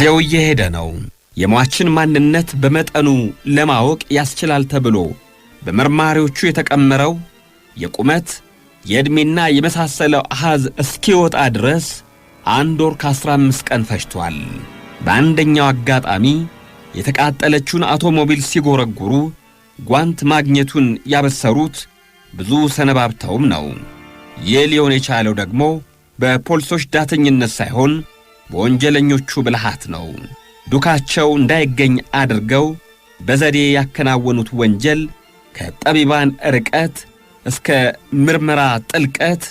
ጊዜው እየሄደ ነው። የሟችን ማንነት በመጠኑ ለማወቅ ያስችላል ተብሎ በመርማሪዎቹ የተቀመረው የቁመት የዕድሜና የመሳሰለው አሐዝ እስኪወጣ ድረስ አንድ ወር ከ አምስት ቀን ፈጅቷል። በአንደኛው አጋጣሚ የተቃጠለችውን አውቶሞቢል ሲጎረጉሩ ጓንት ማግኘቱን ያበሰሩት ብዙ ሰነባብተውም ነው። ይህ ሊሆን የቻለው ደግሞ በፖሊሶች ዳተኝነት ሳይሆን በወንጀለኞቹ ብልሃት ነው። ዱካቸው እንዳይገኝ አድርገው በዘዴ ያከናወኑት ወንጀል ከጠቢባን ርቀት እስከ ምርመራ ጥልቀት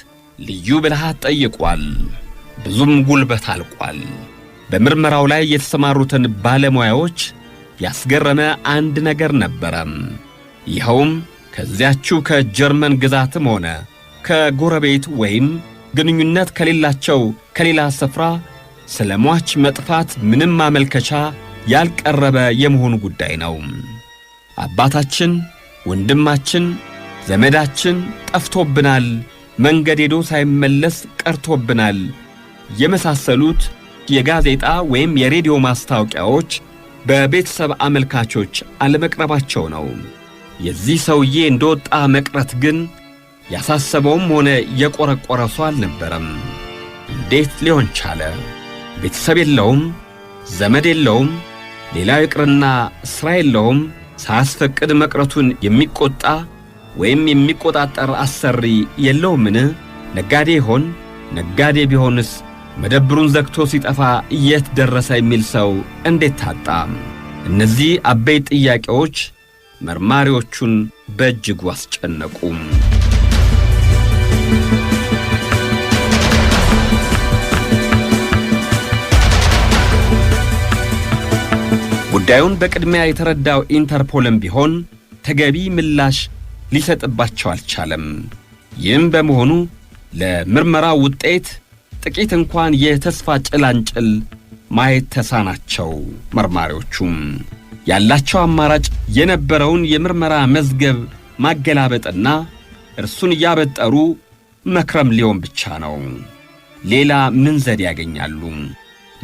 ልዩ ብልሃት ጠይቋል። ብዙም ጉልበት አልቋል። በምርመራው ላይ የተሰማሩትን ባለሙያዎች ያስገረመ አንድ ነገር ነበረም። ይኸውም ከዚያችው ከጀርመን ግዛትም ሆነ ከጎረቤት ወይም ግንኙነት ከሌላቸው ከሌላ ስፍራ ስለ ሟች መጥፋት ምንም ማመልከቻ ያልቀረበ የመሆኑ ጉዳይ ነው። አባታችን፣ ወንድማችን፣ ዘመዳችን ጠፍቶብናል፣ መንገድ ሄዶ ሳይመለስ ቀርቶብናል የመሳሰሉት የጋዜጣ ወይም የሬዲዮ ማስታወቂያዎች በቤተሰብ አመልካቾች አለመቅረባቸው ነው። የዚህ ሰውዬ እንደወጣ መቅረት ግን ያሳሰበውም ሆነ የቆረቆረ ሰው አልነበረም። እንዴት ሊሆን ቻለ? ቤተሰብ የለውም፣ ዘመድ የለውም፣ ሌላ ይቅርና ሥራ የለውም። ሳያስፈቅድ መቅረቱን የሚቆጣ ወይም የሚቆጣጠር አሰሪ የለውምን? ነጋዴ ይሆን? ነጋዴ ቢሆንስ መደብሩን ዘግቶ ሲጠፋ የት ደረሰ የሚል ሰው እንዴት ታጣ? እነዚህ አበይት ጥያቄዎች መርማሪዎቹን በእጅጉ አስጨነቁም። ጉዳዩን በቅድሚያ የተረዳው ኢንተርፖልም ቢሆን ተገቢ ምላሽ ሊሰጥባቸው አልቻለም። ይህም በመሆኑ ለምርመራ ውጤት ጥቂት እንኳን የተስፋ ጭላንጭል ማየት ተሳናቸው። መርማሪዎቹም ያላቸው አማራጭ የነበረውን የምርመራ መዝገብ ማገላበጥና እርሱን እያበጠሩ መክረም ሊሆን ብቻ ነው። ሌላ ምን ዘዴ ያገኛሉ?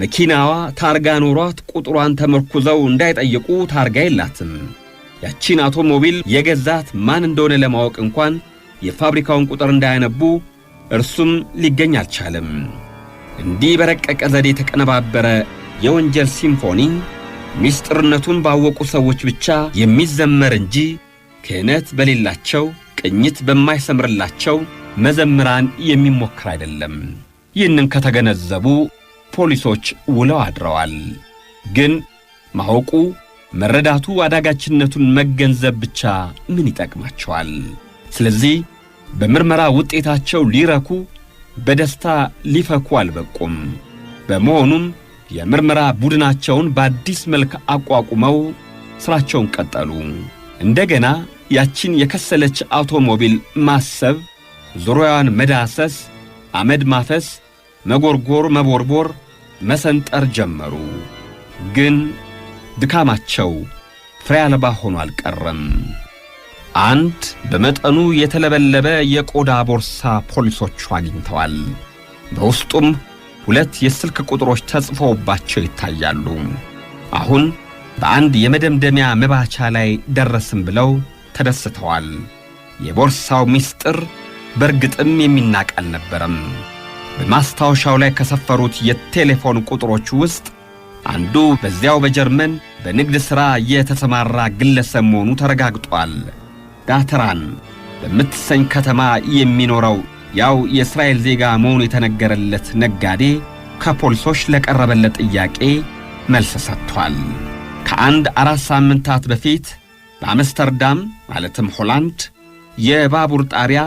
መኪናዋ ታርጋ ኖሯት ቁጥሯን ተመርኩዘው እንዳይጠይቁ ታርጋ የላትም። ያቺን አውቶሞቢል የገዛት ማን እንደሆነ ለማወቅ እንኳን የፋብሪካውን ቁጥር እንዳያነቡ እርሱም ሊገኝ አልቻለም። እንዲህ በረቀቀ ዘዴ የተቀነባበረ የወንጀል ሲምፎኒ ምስጢርነቱን ባወቁ ሰዎች ብቻ የሚዘመር እንጂ ክህነት በሌላቸው ቅኝት በማይሰምርላቸው መዘምራን የሚሞክር አይደለም። ይህንን ከተገነዘቡ ፖሊሶች ውለው አድረዋል። ግን ማወቁ መረዳቱ አዳጋችነቱን መገንዘብ ብቻ ምን ይጠቅማቸዋል? ስለዚህ በምርመራ ውጤታቸው ሊረኩ በደስታ ሊፈኩ አልበቁም። በመሆኑም የምርመራ ቡድናቸውን በአዲስ መልክ አቋቁመው ሥራቸውን ቀጠሉ። እንደገና ያችን የከሰለች አውቶሞቢል ማሰብ፣ ዙሪያዋን መዳሰስ፣ አመድ ማፈስ፣ መጎርጎር፣ መቦርቦር መሰንጠር ጀመሩ። ግን ድካማቸው ፍሬ አልባ ሆኖ አልቀረም። አንድ በመጠኑ የተለበለበ የቆዳ ቦርሳ ፖሊሶቹ አግኝተዋል። በውስጡም ሁለት የስልክ ቁጥሮች ተጽፈውባቸው ይታያሉ። አሁን በአንድ የመደምደሚያ መባቻ ላይ ደረስም ብለው ተደስተዋል። የቦርሳው ምስጢር በእርግጥም የሚናቅ አልነበረም። በማስታወሻው ላይ ከሰፈሩት የቴሌፎን ቁጥሮች ውስጥ አንዱ በዚያው በጀርመን በንግድ ሥራ የተሰማራ ግለሰብ መሆኑ ተረጋግጧል። ዳተራን በምትሰኝ ከተማ የሚኖረው ያው የእስራኤል ዜጋ መሆኑ የተነገረለት ነጋዴ ከፖሊሶች ለቀረበለት ጥያቄ መልስ ሰጥቷል። ከአንድ አራት ሳምንታት በፊት በአምስተርዳም ማለትም ሆላንድ የባቡር ጣሪያ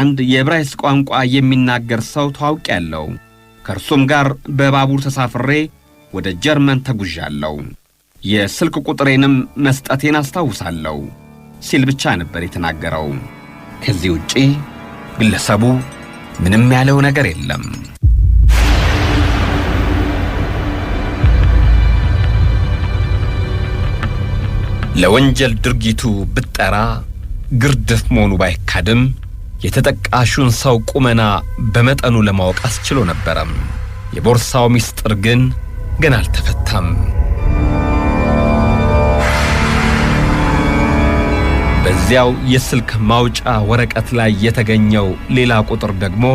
አንድ የዕብራይስጥ ቋንቋ የሚናገር ሰው ተዋውቄያለሁ። ከእርሱም ጋር በባቡር ተሳፍሬ ወደ ጀርመን ተጉዣለሁ። የስልክ ቁጥሬንም መስጠቴን አስታውሳለሁ ሲል ብቻ ነበር የተናገረው። ከዚህ ውጪ ግለሰቡ ምንም ያለው ነገር የለም። ለወንጀል ድርጊቱ ብጠራ ግርድፍ መሆኑ ባይካድም የተጠቃሹን ሰው ቁመና በመጠኑ ለማወቅ አስችሎ ነበረም። የቦርሳው ምስጢር ግን ገና አልተፈታም። በዚያው የስልክ ማውጫ ወረቀት ላይ የተገኘው ሌላ ቁጥር ደግሞ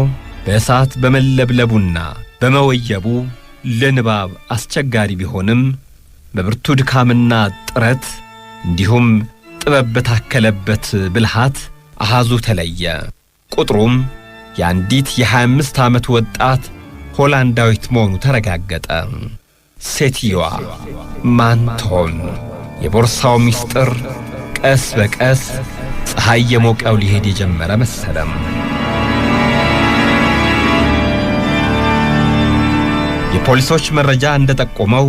በእሳት በመለብለቡና በመወየቡ ለንባብ አስቸጋሪ ቢሆንም በብርቱ ድካምና ጥረት እንዲሁም ጥበብ በታከለበት ብልሃት አሃዙ ተለየ። ቁጥሩም የአንዲት የ25 ዓመት ወጣት ሆላንዳዊት መሆኑ ተረጋገጠ። ሴትየዋ ማን ትሆን? የቦርሳው ምስጢር ቀስ በቀስ ፀሐይ የሞቀው ሊሄድ የጀመረ መሰለም። የፖሊሶች መረጃ ጠቆመው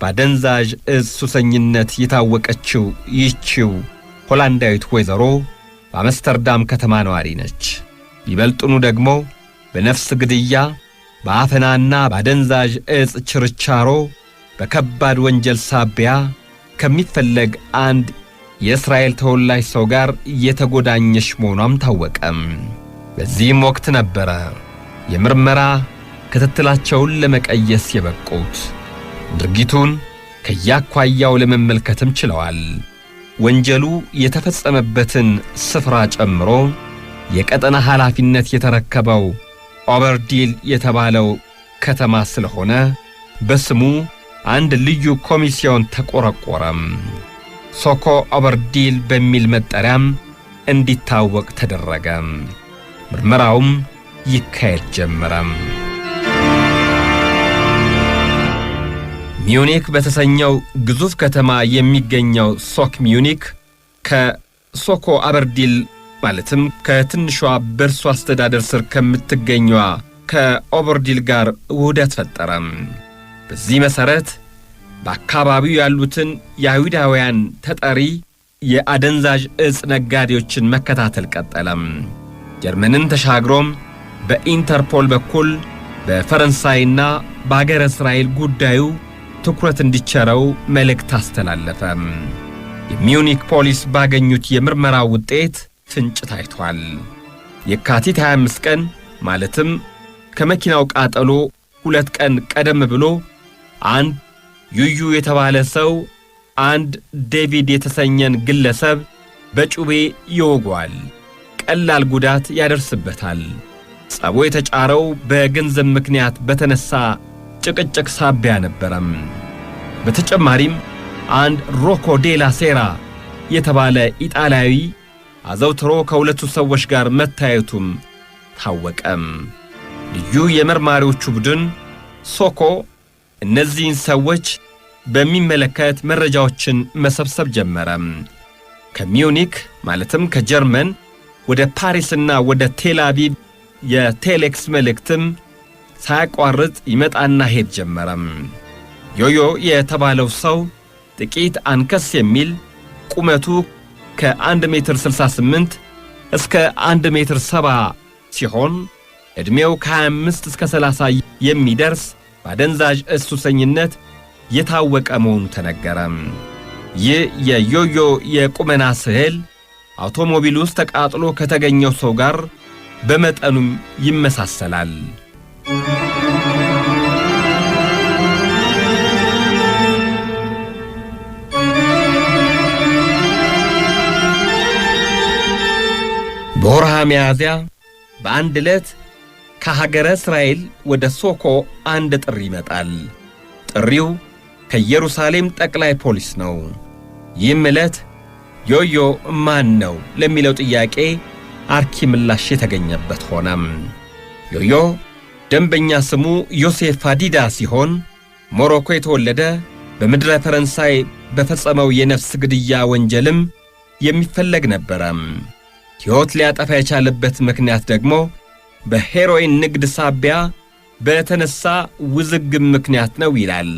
በአደንዛዥ እጽ ሱሰኝነት የታወቀችው ይህችው ሆላንዳዊት ወይዘሮ በአምስተርዳም ከተማ ነዋሪ ነች። ይበልጡኑ ደግሞ በነፍስ ግድያ፣ በአፈናና በአደንዛዥ ዕጽ ችርቻሮ በከባድ ወንጀል ሳቢያ ከሚፈለግ አንድ የእስራኤል ተወላጅ ሰው ጋር እየተጎዳኘች መሆኗም ታወቀም። በዚህም ወቅት ነበረ የምርመራ ክትትላቸውን ለመቀየስ የበቁት። ድርጊቱን ከያኳያው ለመመልከትም ችለዋል። ወንጀሉ የተፈጸመበትን ስፍራ ጨምሮ የቀጠና ኃላፊነት የተረከበው ኦበርዲል የተባለው ከተማ ስለሆነ በስሙ አንድ ልዩ ኮሚስዮን ተቆረቆረም። ሶኮ ኦበርዲል በሚል መጠሪያም እንዲታወቅ ተደረገ። ምርመራውም ይካሄድ ጀመረም። ሚዩኒክ በተሰኘው ግዙፍ ከተማ የሚገኘው ሶክ ሚዩኒክ ከሶኮ አበርዲል ማለትም ከትንሿ በእርሱ አስተዳደር ስር ከምትገኘዋ ከኦበርዲል ጋር ውህደት ፈጠረም። በዚህ መሠረት በአካባቢው ያሉትን የአይሁዳውያን ተጠሪ የአደንዛዥ እጽ ነጋዴዎችን መከታተል ቀጠለም። ጀርመንን ተሻግሮም በኢንተርፖል በኩል በፈረንሳይና በአገረ እስራኤል ጉዳዩ ትኩረት እንዲቸረው መልእክት አስተላለፈ። የሚዩኒክ ፖሊስ ባገኙት የምርመራ ውጤት ፍንጭ ታይቷል። የካቲት 25 ቀን ማለትም ከመኪናው ቃጠሎ ሁለት ቀን ቀደም ብሎ አንድ ዩዩ የተባለ ሰው አንድ ዴቪድ የተሰኘን ግለሰብ በጩቤ ይወጓል። ቀላል ጉዳት ያደርስበታል። ጸቦ የተጫረው በገንዘብ ምክንያት በተነሳ ጭቅጭቅ ሳቢያ ነበረም። በተጨማሪም አንድ ሮኮ ዴላ ሴራ የተባለ ኢጣሊያዊ አዘውትሮ ከሁለቱ ሰዎች ጋር መታየቱም ታወቀም። ልዩ የመርማሪዎቹ ቡድን ሶኮ እነዚህን ሰዎች በሚመለከት መረጃዎችን መሰብሰብ ጀመረ። ከሚዩኒክ ማለትም ከጀርመን ወደ ፓሪስና ወደ ቴል አቪቭ የቴሌክስ መልእክትም ሳያቋርጥ ይመጣና ሄድ ጀመረም። ዮዮ የተባለው ሰው ጥቂት አንከስ የሚል ቁመቱ ከ1 ሜትር 68 እስከ 1 ሜትር 70 ሲሆን ዕድሜው ከ25 እስከ 30 የሚደርስ በአደንዛዥ እሱሰኝነት የታወቀ መሆኑ ተነገረ። ይህ የዮዮ የቁመና ስዕል አውቶሞቢል ውስጥ ተቃጥሎ ከተገኘው ሰው ጋር በመጠኑም ይመሳሰላል። በወርሃ ሚያዝያ በአንድ ዕለት ከሀገረ እስራኤል ወደ ሶኮ አንድ ጥሪ ይመጣል። ጥሪው ከኢየሩሳሌም ጠቅላይ ፖሊስ ነው። ይህም ዕለት ዮዮ ማን ነው ለሚለው ጥያቄ አርኪ ምላሽ የተገኘበት ሆነም። ዮዮ ደንበኛ ስሙ ዮሴፍ አዲዳ ሲሆን ሞሮኮ የተወለደ በምድረ ፈረንሳይ በፈጸመው የነፍስ ግድያ ወንጀልም የሚፈለግ ነበረም። ሕይወት ሊያጠፋ የቻለበት ምክንያት ደግሞ በሄሮይን ንግድ ሳቢያ በተነሳ ውዝግብ ምክንያት ነው ይላል።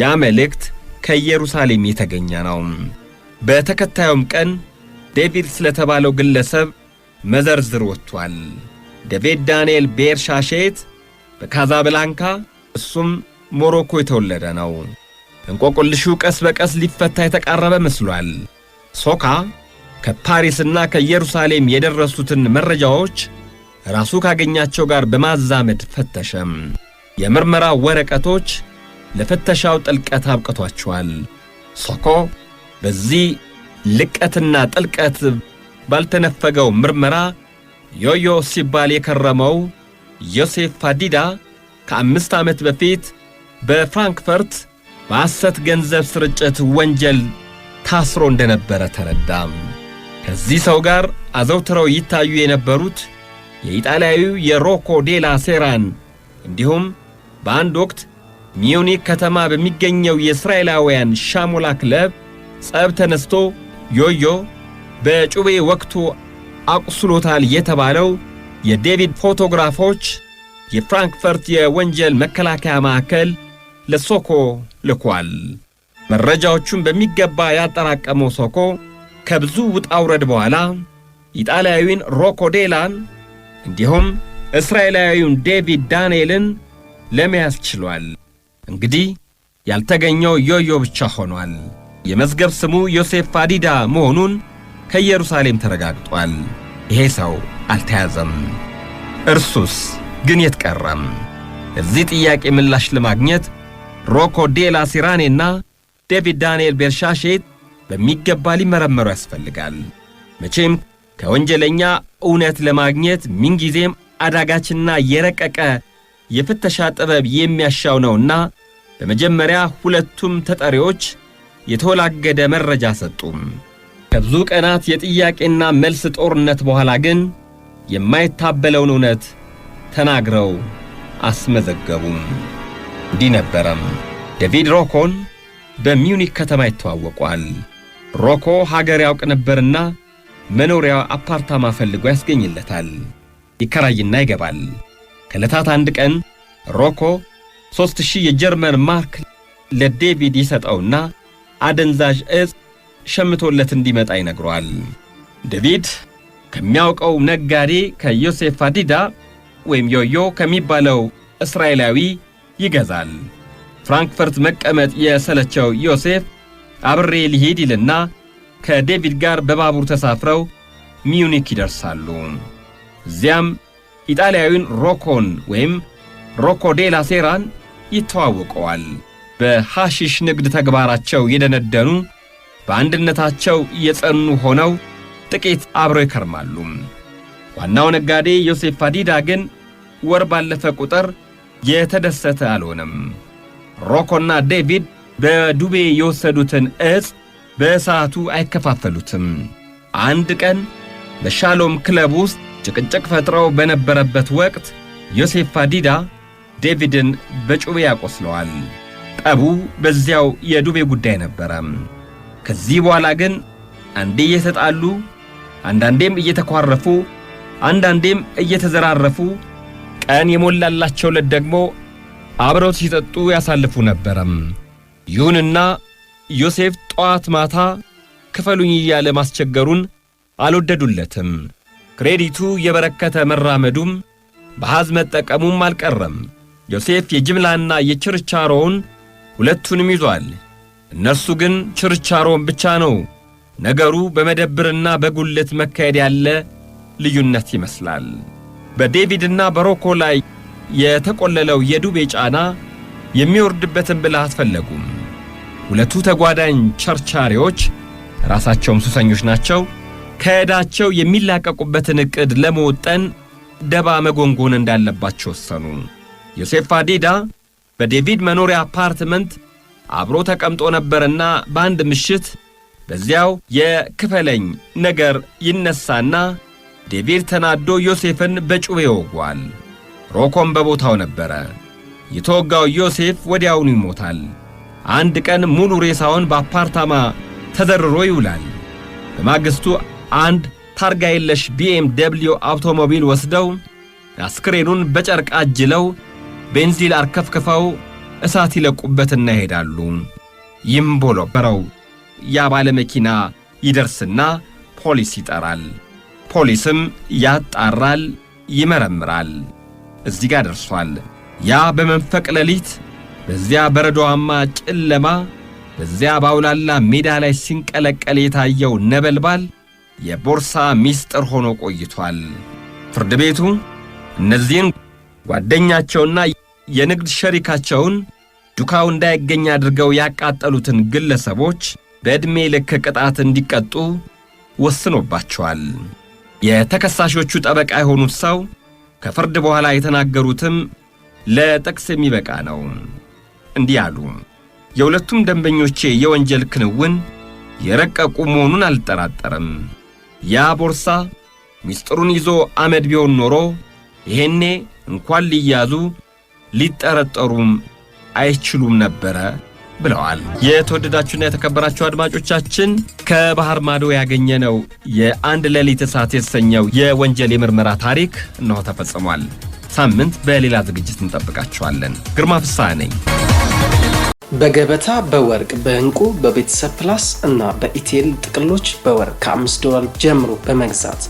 ያ መልእክት ከኢየሩሳሌም የተገኘ ነው። በተከታዩም ቀን ዴቪድ ስለተባለው ግለሰብ መዘርዝር ወጥቷል። ዴቪድ ዳንኤል ቤርሻሼት በካዛብላንካ እሱም ሞሮኮ የተወለደ ነው። እንቆቁልሹ ቀስ በቀስ ሊፈታ የተቃረበ መስሏል። ሶካ ከፓሪስና ከኢየሩሳሌም የደረሱትን መረጃዎች ራሱ ካገኛቸው ጋር በማዛመድ ፈተሸም። የምርመራ ወረቀቶች ለፍተሻው ጥልቀት አብቅቷቸዋል። ሶኮ በዚህ ልቀትና ጥልቀት ባልተነፈገው ምርመራ ዮዮ ሲባል የከረመው ዮሴፍ ፋዲዳ ከአምስት ዓመት በፊት በፍራንክፈርት በሐሰት ገንዘብ ስርጭት ወንጀል ታስሮ እንደነበረ ተረዳ። ከዚህ ሰው ጋር አዘውትረው ይታዩ የነበሩት የኢጣሊያዊው የሮኮ ዴላ ሴራን እንዲሁም በአንድ ወቅት ሚዩኒክ ከተማ በሚገኘው የእስራኤላውያን ሻሞላ ክለብ ጸብ ተነስቶ ዮዮ በጩቤ ወቅቱ አቁስሎታል የተባለው የዴቪድ ፎቶግራፎች የፍራንክፈርት የወንጀል መከላከያ ማዕከል ለሶኮ ልኳል። መረጃዎቹን በሚገባ ያጠራቀመው ሶኮ ከብዙ ውጣ ውረድ በኋላ ኢጣሊያዊን ሮኮ ዴላን እንዲሁም እስራኤላዊውን ዴቪድ ዳንኤልን ለመያዝ ችሏል። እንግዲህ ያልተገኘው ዮዮ ብቻ ሆኗል። የመዝገብ ስሙ ዮሴፍ ፋዲዳ መሆኑን ከኢየሩሳሌም ተረጋግጧል። ይሄ ሰው አልተያዘም። እርሱስ ግን የት ቀረም? እዚህ ጥያቄ ምላሽ ለማግኘት ሮኮ ዴላ ሲራኔና ዴቪድ ዳንኤል ቤርሻሼት በሚገባ ሊመረመሩ ያስፈልጋል። መቼም ከወንጀለኛ እውነት ለማግኘት ምንጊዜም አዳጋችና የረቀቀ የፍተሻ ጥበብ የሚያሻው ነውና በመጀመሪያ ሁለቱም ተጠሪዎች የተወላገደ መረጃ ሰጡም። ከብዙ ቀናት የጥያቄና መልስ ጦርነት በኋላ ግን የማይታበለውን እውነት ተናግረው አስመዘገቡም። እንዲህ ነበረም ዴቪድ ሮኮን በሚዩኒክ ከተማ ይተዋወቋል። ሮኮ ሀገር ያውቅ ነበርና መኖሪያ አፓርታማ ፈልጎ ያስገኝለታል። ይከራይና ይገባል። ከዕለታት አንድ ቀን ሮኮ ሦስት ሺህ የጀርመን ማርክ ለዴቪድ ይሰጠውና አደንዛዥ ዕፅ ሸምቶለት እንዲመጣ ይነግሯል። ዴቪድ ከሚያውቀው ነጋዴ ከዮሴፍ አዲዳ ወይም ዮዮ ከሚባለው እስራኤላዊ ይገዛል። ፍራንክፈርት መቀመጥ የሰለቸው ዮሴፍ አብሬ ሊሄድ ይልና ከዴቪድ ጋር በባቡር ተሳፍረው ሚዩኒክ ይደርሳሉ። እዚያም ኢጣሊያዊን ሮኮን ወይም ሮኮ ዴላ ሴራን ይተዋውቀዋል። በሐሺሽ ንግድ ተግባራቸው የደነደኑ በአንድነታቸው የጸኑ ሆነው ጥቂት አብረው ይከርማሉ። ዋናው ነጋዴ ዮሴፍ ፋዲዳ ግን ወር ባለፈ ቁጥር የተደሰተ አልሆነም። ሮኮና ዴቪድ በዱቤ የወሰዱትን ዕፅ በሰዓቱ አይከፋፈሉትም። አንድ ቀን በሻሎም ክለብ ውስጥ ጭቅጭቅ ፈጥረው በነበረበት ወቅት ዮሴፍ ፋዲዳ ዴቪድን በጩቤ ያቆስለዋል። ጠቡ በዚያው የዱቤ ጉዳይ ነበረ። ከዚህ በኋላ ግን አንዴ የተጣሉ አንዳንዴም እየተኳረፉ አንዳንዴም እየተዘራረፉ ቀን የሞላላቸው ዕለት ደግሞ አብረው ሲጠጡ ያሳልፉ ነበረም። ይሁንና ዮሴፍ ጠዋት ማታ ክፈሉኝ እያለ ማስቸገሩን አልወደዱለትም። ክሬዲቱ የበረከተ መራመዱም በሐዝ መጠቀሙም አልቀረም። ዮሴፍ የጅምላና የችርቻሮውን ሁለቱንም ይዟል። እነርሱ ግን ችርቻሮውን ብቻ ነው ነገሩ በመደብርና በጉልት መካሄድ ያለ ልዩነት ይመስላል። በዴቪድና በሮኮ ላይ የተቆለለው የዱቤ ጫና የሚወርድበትን ብልሃት ፈለጉም። ሁለቱ ተጓዳኝ ቸርቻሪዎች ራሳቸውም ሱሰኞች ናቸው። ከዕዳቸው የሚላቀቁበትን ዕቅድ ለመወጠን ደባ መጎንጎን እንዳለባቸው ወሰኑ። ዮሴፍ አዲዳ በዴቪድ መኖሪያ አፓርትመንት አብሮ ተቀምጦ ነበርና በአንድ ምሽት በዚያው የክፈለኝ ነገር ይነሳና ዴቪድ ተናዶ ዮሴፍን በጩቤ ይወጓል። ሮኮም በቦታው ነበረ። የተወጋው ዮሴፍ ወዲያውኑ ይሞታል። አንድ ቀን ሙሉ ሬሳውን በአፓርታማ ተዘርሮ ይውላል። በማግስቱ አንድ ታርጋ የለሽ ቢኤም ደብልዩ አውቶሞቢል ወስደው አስክሬኑን በጨርቅ አጅለው ቤንዚል አርከፍክፈው እሳት ይለቁበትና ይሄዳሉ። ይምቦለበረው ያ ባለመኪና ይደርስና ፖሊስ ይጠራል። ፖሊስም ያጣራል፣ ይመረምራል። እዚህ ጋር ደርሷል። ያ በመንፈቅ ሌሊት በዚያ በረዷማ ጨለማ በዚያ ባውላላ ሜዳ ላይ ሲንቀለቀል የታየው ነበልባል የቦርሳ ሚስጥር ሆኖ ቆይቷል። ፍርድ ቤቱ እነዚህን ጓደኛቸውና የንግድ ሸሪካቸውን ዱካው እንዳይገኝ አድርገው ያቃጠሉትን ግለሰቦች በዕድሜ ልክ ቅጣት እንዲቀጡ ወስኖባቸዋል። የተከሳሾቹ ጠበቃ የሆኑት ሰው ከፍርድ በኋላ የተናገሩትም ለጥቅስ የሚበቃ ነው። እንዲህ አሉ። የሁለቱም ደንበኞቼ የወንጀል ክንውን የረቀቁ መሆኑን አልጠራጠርም። ያ ቦርሳ ምስጢሩን ይዞ አመድ ቢሆን ኖሮ ይሄኔ እንኳን ሊያዙ ሊጠረጠሩም አይችሉም ነበረ ብለዋል። የተወደዳችሁና የተከበራችሁ አድማጮቻችን ከባህር ማዶ ያገኘነው የአንድ ሌሊት እሳት የተሰኘው የወንጀል የምርመራ ታሪክ እነሆ ተፈጽሟል። ሳምንት በሌላ ዝግጅት እንጠብቃችኋለን። ግርማ ፍሳ ነኝ። በገበታ በወርቅ በእንቁ በቤተሰብ ፕላስ እና በኢቴል ጥቅሎች በወርቅ ከአምስት ዶላር ጀምሮ በመግዛት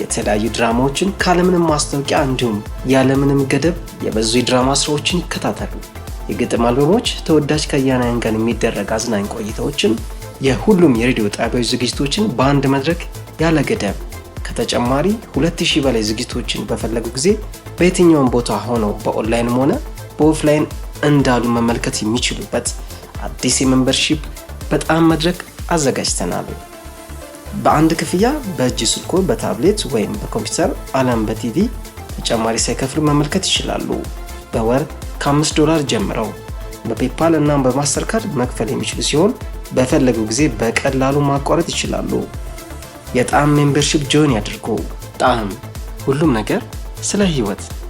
የተለያዩ ድራማዎችን ካለምንም ማስታወቂያ እንዲሁም ያለምንም ገደብ የበዙ የድራማ ስራዎችን ይከታተሉ። የግጥም አልበሞች፣ ተወዳጅ ከያናያን ጋር የሚደረግ አዝናኝ ቆይታዎችን፣ የሁሉም የሬዲዮ ጣቢያዎች ዝግጅቶችን በአንድ መድረክ ያለ ገደብ ከተጨማሪ 2000 በላይ ዝግጅቶችን በፈለጉ ጊዜ በየትኛውም ቦታ ሆነው በኦንላይንም ሆነ በኦፍላይን እንዳሉ መመልከት የሚችሉበት አዲስ የመንበርሺፕ በጣም መድረክ አዘጋጅተናል። በአንድ ክፍያ በእጅ ስልኮ፣ በታብሌት ወይም በኮምፒውተር አለም በቲቪ ተጨማሪ ሳይከፍሉ መመልከት ይችላሉ። በወር ከ5 ዶላር ጀምረው በፔፓል እና በማስተርካርድ መክፈል የሚችሉ ሲሆን በፈለገው ጊዜ በቀላሉ ማቋረጥ ይችላሉ። የጣዕም ሜምበርሺፕ ጆይን ያድርጉ። ጣዕም ሁሉም ነገር ስለ ህይወት